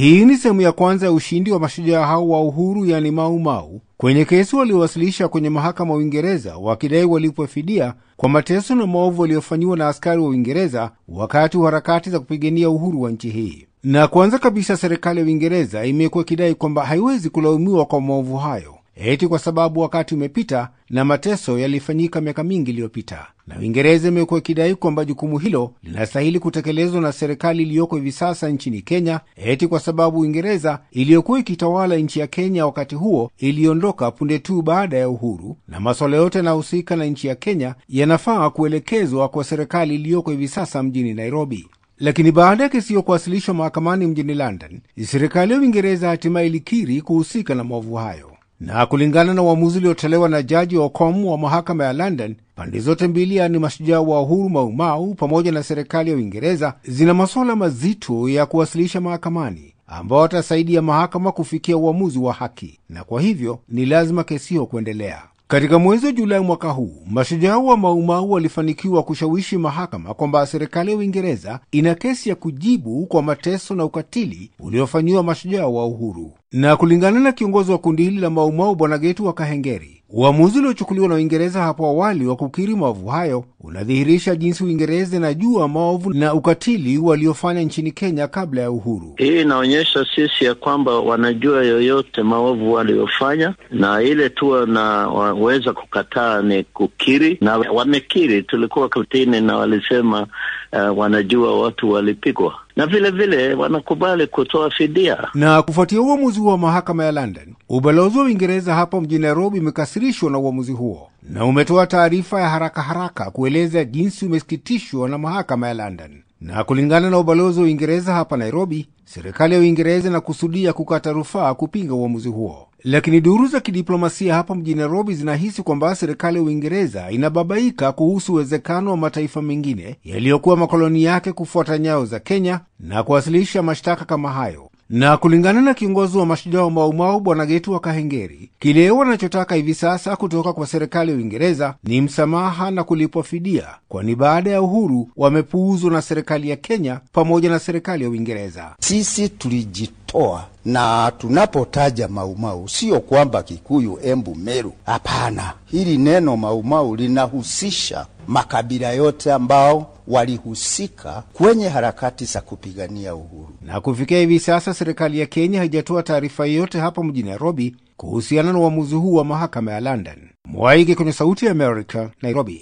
Hii ni sehemu ya kwanza ya ushindi wa mashujaa hao wa uhuru, yani Maumau, kwenye kesi waliowasilisha kwenye mahakama wa Uingereza wakidai walipwe fidia kwa mateso na maovu waliofanyiwa na askari wa Uingereza wakati wa harakati za kupigania uhuru wa nchi hii. Na kwanza kabisa, serikali ya Uingereza imekuwa ikidai kwamba haiwezi kulaumiwa kwa maovu hayo eti kwa sababu wakati umepita na mateso yalifanyika miaka mingi iliyopita, na Uingereza imekuwa ikidai kwamba jukumu hilo linastahili kutekelezwa na serikali iliyoko hivi sasa nchini Kenya, eti kwa sababu Uingereza iliyokuwa ikitawala nchi ya Kenya wakati huo iliondoka punde tu baada ya uhuru, na masuala yote yanayohusika na nchi ya Kenya yanafaa kuelekezwa kwa serikali iliyoko hivi sasa mjini Nairobi. Lakini baada ya kesi hiyo kuwasilishwa mahakamani mjini London, serikali ya Uingereza hatimaye ilikiri kuhusika na maovu hayo na kulingana na uamuzi uliotolewa na jaji Okom wa mahakama ya London, pande zote mbili, yaani mashujaa wa uhuru Maumau pamoja na serikali ya Uingereza, zina masuala mazito ya kuwasilisha mahakamani ambao watasaidia mahakama kufikia uamuzi wa haki, na kwa hivyo ni lazima kesi hiyo kuendelea. Katika mwezi wa Julai mwaka huu mashujaa wa Maumau walifanikiwa kushawishi mahakama kwamba serikali ya Uingereza ina kesi ya kujibu kwa mateso na ukatili uliofanyiwa mashujaa wa uhuru. Na kulingana na kiongozi wa kundi hili la Maumau Bwana Getu wa Kahengeri, uamuzi uliochukuliwa na Uingereza hapo awali wa kukiri maovu hayo unadhihirisha jinsi Uingereza inajua maovu na ukatili waliofanya nchini Kenya kabla ya uhuru. Hii inaonyesha sisi ya kwamba wanajua yoyote maovu waliofanya, na ile tu wanaweza kukataa ni kukiri, na wamekiri. Tulikuwa kutini na walisema uh, wanajua watu walipigwa na vile vile wanakubali kutoa fidia. Na kufuatia uamuzi wa mahakama ya London, ubalozi wa Uingereza hapa mjini Nairobi umekasirishwa na uamuzi huo na umetoa taarifa ya haraka haraka kueleza jinsi umesikitishwa na mahakama ya London. Na kulingana na ubalozi wa Uingereza hapa Nairobi, serikali ya Uingereza inakusudia kukata rufaa kupinga uamuzi huo, lakini duru za kidiplomasia hapa mjini Nairobi zinahisi kwamba serikali ya Uingereza inababaika kuhusu uwezekano wa mataifa mengine yaliyokuwa makoloni yake kufuata nyayo za Kenya na kuwasilisha mashtaka kama hayo na kulingana na kiongozi wa mashujaa wa Maumau Bwana Getu wa Kahengeri, kile wanachotaka hivi sasa kutoka kwa serikali ya Uingereza ni msamaha na kulipwa fidia, kwani baada ya uhuru wamepuuzwa na serikali ya Kenya pamoja na serikali ya Uingereza. Sisi tulijitoa na tunapotaja Maumau sio kwamba Kikuyu, Embu, Meru. Hapana, hili neno Maumau linahusisha makabila yote ambao walihusika kwenye harakati za kupigania uhuru. Na kufikia hivi sasa serikali ya Kenya haijatoa taarifa yoyote hapa mjini Nairobi kuhusiana na uamuzi huu wa mahakama ya London. Mwaige kwenye Sauti ya Amerika, Nairobi.